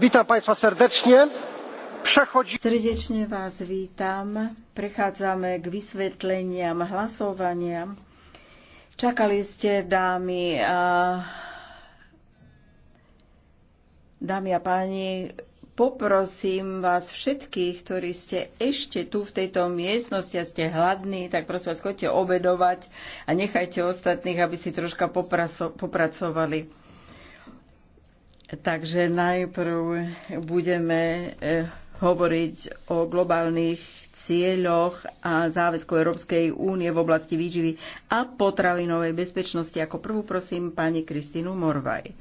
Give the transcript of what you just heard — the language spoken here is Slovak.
Vítam Państwa serdecznie. Srdečne vás vítam. Prechádzame k vysvetleniam hlasovania. Čakali ste, dámy a, dámy a páni, poprosím vás všetkých, ktorí ste ešte tu v tejto miestnosti a ste hladní, tak prosím vás, chodte obedovať a nechajte ostatných, aby si troška popracovali. Takže najprv budeme e, hovoriť o globálnych cieľoch a záväzku Európskej únie v oblasti výživy a potravinovej bezpečnosti. Ako prvú prosím pani Kristínu Morvaj.